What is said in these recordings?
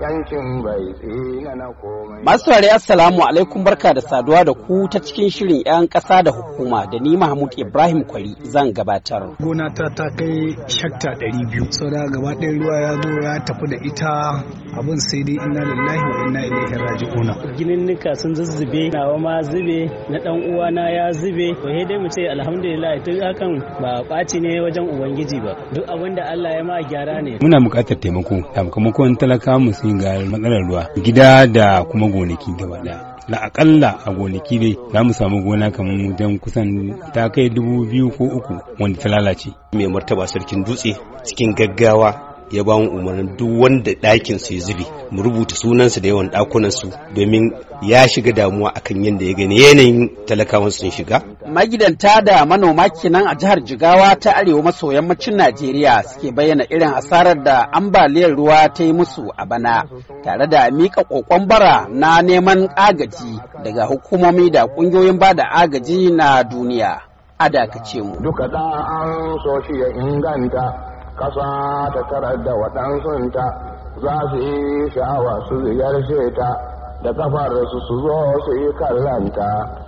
yankin bai Masu saurari assalamu alaikum barka da saduwa da ku ta cikin shirin 'yan ƙasa da hukuma da ni Mahmud Ibrahim Kwari zan gabatar. Gona ta ta kai shakta ɗari biyu. Sau da gaba ɗaya ruwa ya zo ya tafi da ita abin sai dai ina lillahi wa inna ilaihi Ginin Gininnika sun zuzzube nawa ma zube na ɗan uwana ya zube. To dai mu ce alhamdulillah tun hakan ba ɓaci ne wajen ubangiji ba. Duk abin da Allah ya ma gyara ne. Muna buƙatar taimako. Taimakon talaka mu sai ga matsalar ruwa gida da kuma gonaki gaba ɗaya la akalla a gonaki dai za mu samu gona kamar dan kusan ta kai dubu biyu ko uku wanda ta lalace. Mai martaba sarkin dutse cikin gaggawa ya ba mu umarnin duk wanda ɗakin su ya zube mu rubuta sunansu da yawan ɗakunan su domin ya shiga damuwa akan yadda ya gani yanayin talakawan sun shiga. Magidanta da manoma kenan a jihar Jigawa ta arewa maso yammacin Najeriya suke bayyana irin asarar da ambaliyar ruwa ta yi musu a bana tare da mika kokon bara na neman agaji daga hukumomi da kungiyoyin bada agaji na duniya. A dakace mu. Duka da an so shi ya inganta ƙasa ta tarar da waɗansunta za su yi sha'awa su ziyarce ta da kafar su su zo su yi kallanta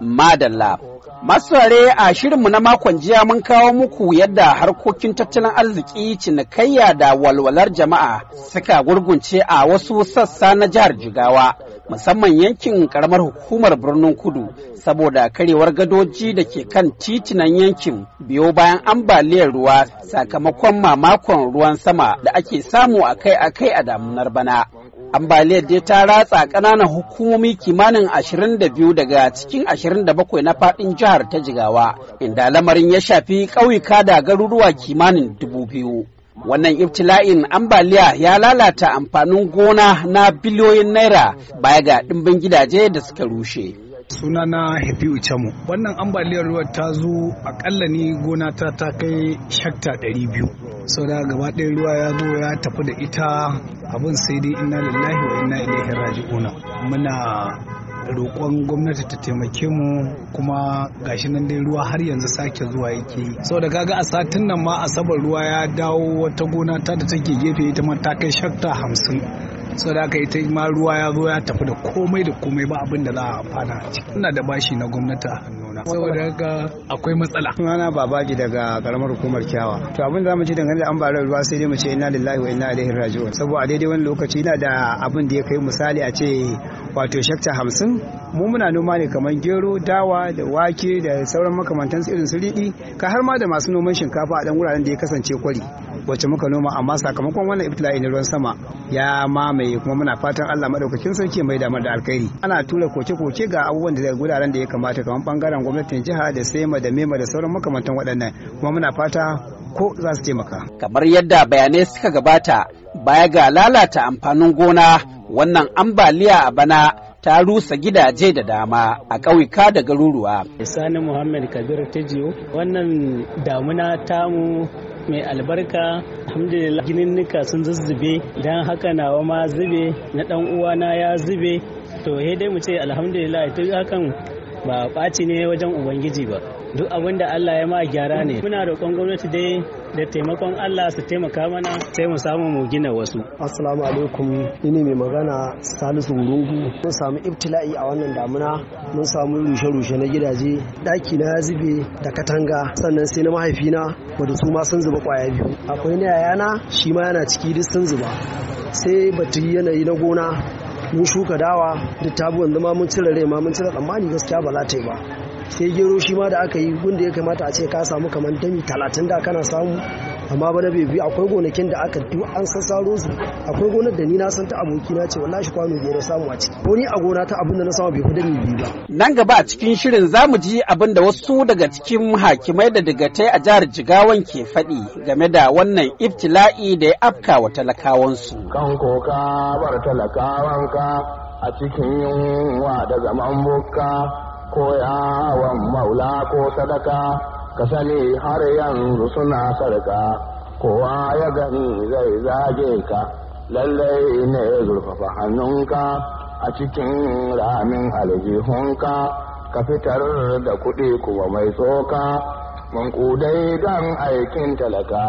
Madalla, masare a shirinmu na makon jiya mun kawo muku yadda harkokin tattalin arziki cinikayya da walwalar jama'a suka gurgunce a wasu sassa na jihar Jigawa. musamman yankin karamar hukumar birnin kudu saboda karewar gadoji da ke kan titunan yankin biyo bayan ambaliyar ruwa sakamakon mamakon ruwan sama da ake samu akai-akai a damunar bana ambaliyar dai ta ratsa ƙananan hukumomi kimanin 22 daga cikin 27 na faɗin jihar ta jigawa inda lamarin ya shafi ƙauyuka da garuruwa kimanin dubu biyu wannan ibtila'in ambaliya ya lalata amfanin gona na biliyoyin naira baya ga ɗimbin gidaje da suka rushe sunana Hafiu Chamo wannan ambaliyar ruwa ta zo akalla ni gona ta ta kai shakta 200 da gaba ɗaya ruwa ya zo ya tafi da ita abin sai dai 'Ina lillahi wa inna ilaihi raji'una muna roƙon gwamnati ta taimake mu kuma gashi nan dai ruwa har yanzu sake zuwa yake Sau da kaga a satin nan ma asabar ruwa ya dawo wata gona ta da take gefe ita ma ta kai shakta hamsin so da aka yi ta ma ruwa ya zo ya tafi da komai da komai ba abin da za a amfana a ciki ina da bashi na gwamnati a hannuna saboda haka akwai matsala na babaji daga karamar hukumar kyawa to abin da mu ci dangane da ambaliyar ruwa sai dai mu ce inna lillahi wa inna ilaihi raji'un saboda a daidai wani lokaci ina da abin da ya kai misali a ce wato shakta hamsin mu muna noma ne kamar gero dawa da wake da sauran makamantan irin su riɗi ka har ma da masu noman shinkafa a ɗan wuraren da ya kasance kwari wacce muka noma amma sakamakon wannan ibtila'i na ruwan sama ya mamaye kuma muna fatan Allah madaukakin sarki mai damar da alkhairi ana tura koke-koke ga abubuwan da daga guraren da ya kamata kamar bangaren gwamnatin jiha da sema da mema da sauran makamantan waɗannan kuma muna fata ko za su taimaka kamar yadda bayanai suka gabata baya ga lalata amfanin gona wannan ambaliya a bana ta rusa gidaje da dama a ƙauyuka da garuruwa. Sani Muhammad Kabir jiyo wannan damuna tamu mai albarka alhamdulillah gininnika sun zuzzube dan haka nawa ma zube na dan uwana ya zube to he dai mu ce alhamdulillah duk hakan ba ɓaci ne wajen ubangiji ba duk abin da Allah ya ma gyara ne muna roƙon gwamnati dai da taimakon Allah su taimaka mana sai mu samu mu gina wasu. Assalamu alaikum ni mai magana Salisu Wurungu. mun samu ibtila'i a wannan damuna mun samu rushe-rushe na gidaje ɗaki na zube da katanga sannan sai na mahaifina wadda su ma sun zuba kwaya biyu akwai na yayana shi ma yana ciki duk sun zuba sai batu yanayi na gona mun shuka dawa da tabuwan zama mun cire rai ma mun cire tsammani gaskiya ba za ta yi ba sai gero shi ma da aka yi gunda ya kamata a ce ka samu kamar dami talatin da kana samu amma bana bai biyu akwai gonakin da aka duk an sassaro su akwai gonar da ni na ta aboki na ce wallahi kwano biyar samu a ciki ko a gona ta abin na samu bai fi dami biyu ba nan gaba a cikin shirin zamu ji abin da wasu daga cikin hakimai da digatai a jihar Jigawan ke faɗi game da wannan ibtila'i da ya afka wa talakawansu kan koka bar talakawanka a cikin yunwa da zaman bukka ko yawan maula ko sadaka ka sani har yanzu suna sarka kowa ya gani zai zage ka lallai ne zurfafa hannunka a cikin ramin aljihunka ka fitar da kuɗi kuma mai tsoka mankudai don aikin talaka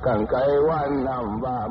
kan kai wannan ba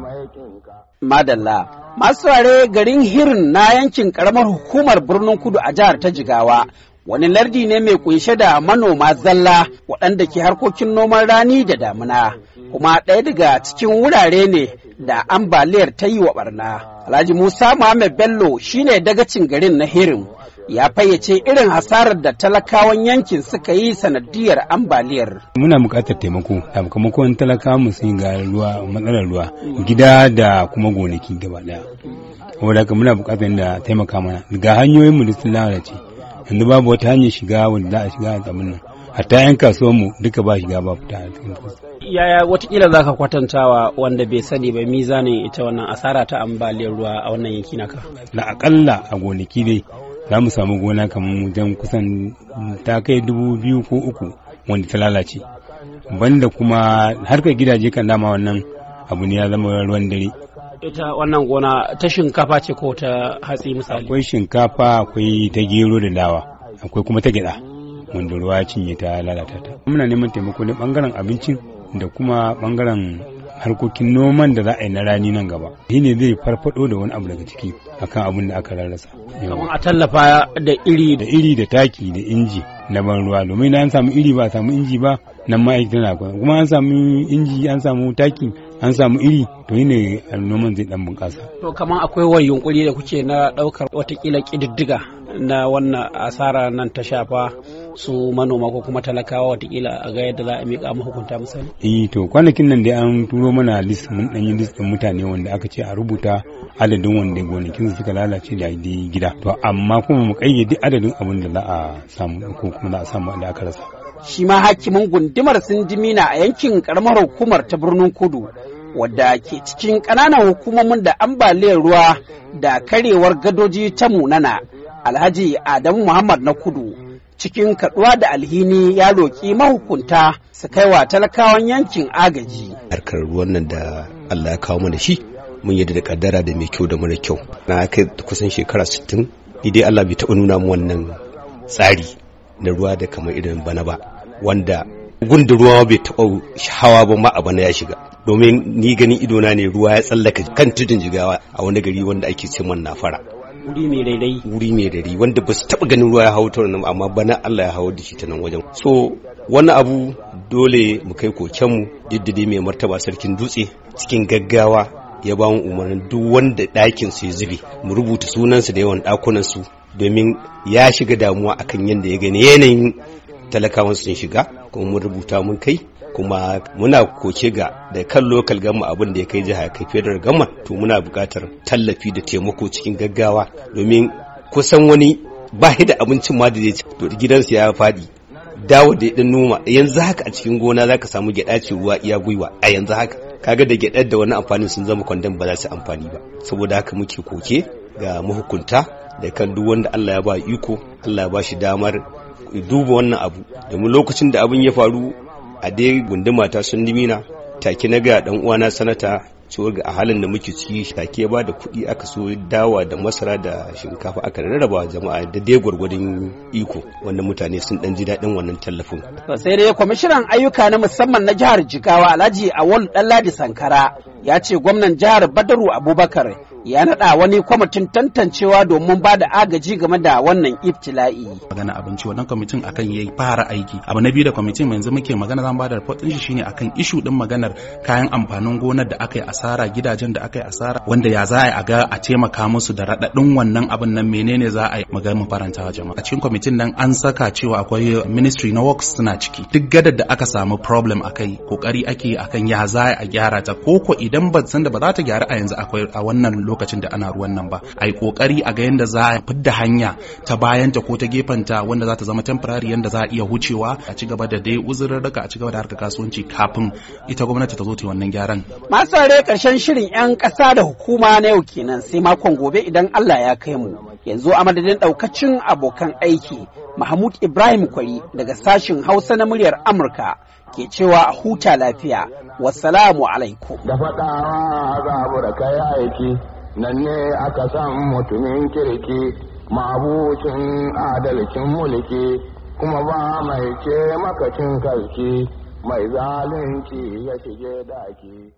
Madalla, masu tsare garin Hirin na yankin karamar hukumar birnin kudu a jihar ta Jigawa, wani lardi ne mai kunshe da manoma zalla waɗanda ke harkokin noman rani da damuna kuma ɗaya daga cikin wurare ne da ambaliyar ta yi wa barna alhaji musa muhammad bello shine dagacin garin na Hirin ya fayyace irin hasarar da talakawan yankin suka yi sanadiyar ambaliyar. Muna buƙatar taimako, sakamakon talakawa mu sun ga ruwa matsalar ruwa gida da kuma gonaki gaba ɗaya. Saboda muna buƙatar da taimaka mana ga hanyoyin mu da sun lalace yanzu babu wata hanyar shiga wanda za a shiga a tsamin nan hatta yan kasuwar mu duka ba shiga ba fita yaya watakila za ka kwatantawa wanda bai sani ba mizanin ita wannan asara ta ambaliyar ruwa a wannan yanki ka. da akalla a gonaki dai za mu samu gona kamar jan kusan ta kai dubu biyu ko uku wanda ta lalace banda kuma harkar gidaje kan dama wannan abu ne ya zama ruwan dare ita wannan gona ta shinkafa ce ko ta hatsi misali akwai shinkafa akwai ta gero da dawa akwai kuma ta gyaɗa wanda ruwa cinye ta lalata ta muna neman taimako ne bangaren abincin da kuma bangaren harkokin noman da za a yi na rani nan gaba shi ne zai farfado da wani abu daga ciki akan abin da aka rarrasa kamar a tallafa da iri da iri da taki da inji na ban ruwa domin na an samu iri ba a samu inji ba nan ma'aikata na kuma an samu inji an samu taki an samu iri to yi ne noman zai dan bunƙasa. To kamar akwai wani yunkuri da kuke na ɗaukar watakila ƙididdiga na wannan asara nan ta shafa su manoma ko kuma talakawa watakila a ga yadda za a miƙa mahukunta misali. Eh to kwanakin nan dai an turo mana list mun ɗan yi list ɗin mutane wanda aka ce a rubuta adadin wanda gonakin suka lalace da gida. To amma kuma mu ƙayyade adadin abin da za a samu ko kuma za a samu da aka rasa. Shi ma hakimin gundumar Sindimina a yankin karamar hukumar ta birnin Kudu wadda ke cikin ƙananan hukumomin da ambaliyar ruwa da karewar gadoji ta munana alhaji adamu muhammad na kudu cikin kaduwa da alhini ya roƙi mahukunta su kai wa talakawan yankin agaji harkar ruwan nan da allah ya kawo mana shi mun yadda da kaddara da mai kyau da mara kyau na kai kusan shekara 60 idai allah bai taɓa nuna mu wannan tsari na ruwa da kamar irin bana ba wanda da ruwa bai taɓa hawa ba ma abana ya shiga domin ni ganin idona ne ruwa ya tsallaka kan tudun jigawa a wani gari wanda ake ce man nafara wuri mai daidai wuri mai daidai wanda ba su taɓa ganin ruwa ya hau ta nan amma bana Allah ya hawo da shi ta nan wajen so wani abu dole mu kai mu diddide mai martaba sarkin dutse cikin gaggawa ya ba mu umarnin duk wanda ɗakin su ya zube mu rubuta sunansu da yawan ɗakunan su domin ya shiga damuwa akan yadda ya gani yanayin talakawan sun shiga kuma mun rubuta mun kai kuma muna koke ga da kan lokal gama abin da ya kai jiha kai federal gama to muna buƙatar tallafi da taimako cikin gaggawa domin kusan wani ba da abincin ma da zai to gidansa ya faɗi dawo da ɗan noma yanzu haka a cikin gona zaka samu gyaɗa ce ruwa iya gwiwa a yanzu haka kaga da gyaɗar da wani amfani sun zama kwandon ba za su amfani ba saboda haka muke koke ga mahukunta da kan duk wanda Allah ya ba iko Allah ya ba shi damar duba wannan abu domin lokacin da abin ya faru a dai gunduma ta sun ta take na gaya dan uwana sanata cewar ga a halin da muke ciki take ba da kuɗi aka so dawa da masara da shinkafa aka rarraba jama'a da dai gwargwadon iko wannan mutane sun dan ji daɗin wannan tallafin. sai dai kwamishinan ayyuka na musamman na jihar jigawa alhaji awol ɗanladi sankara ya ce gwamnan jihar Badaru Abubakar ya naɗa wani kwamitin tantancewa domin ba da agaji game da wannan iftila'i. Magana abinci wannan kwamitin akan ya fara aiki. Abu na biyu da kwamitin yanzu muke magana zan ba da report shi shine akan ishu ɗin maganar kayan amfanin gonar da aka yi asara gidajen da aka yi asara wanda ya za a ga a taimaka musu da raɗaɗin wannan abin nan menene za a yi mu mu faranta wa jama'a. A cikin kwamitin nan an saka cewa akwai ministry na works suna ciki. Duk gadar da aka samu problem akai kokari ake akan ya za a gyara ta ko idan idan ba san da ba za ta gyaru a yanzu akwai a wannan lokacin da ana ruwan nan ba a yi kokari a ga yanda za a fidda hanya ta bayanta ko ta gefen ta wanda za ta zama temporary yanda za a iya hucewa a ci gaba da dai raka a ci gaba da harkar kasuwanci kafin ita gwamnati ta zo ta wannan gyaran masu karshen shirin yan ƙasa da hukuma na yau kenan sai makon gobe idan Allah ya kai mu yanzu a madadin daukacin abokan aiki mahmud ibrahim kwari daga sashin hausa na muryar amurka ke cewa huta lafiya wasalamu alaikum da faɗawa za da kai aiki nan ne aka san mutumin kirki mabucin adalcin mulki kuma ba mai ce makacin karki mai zalunci ya shige daki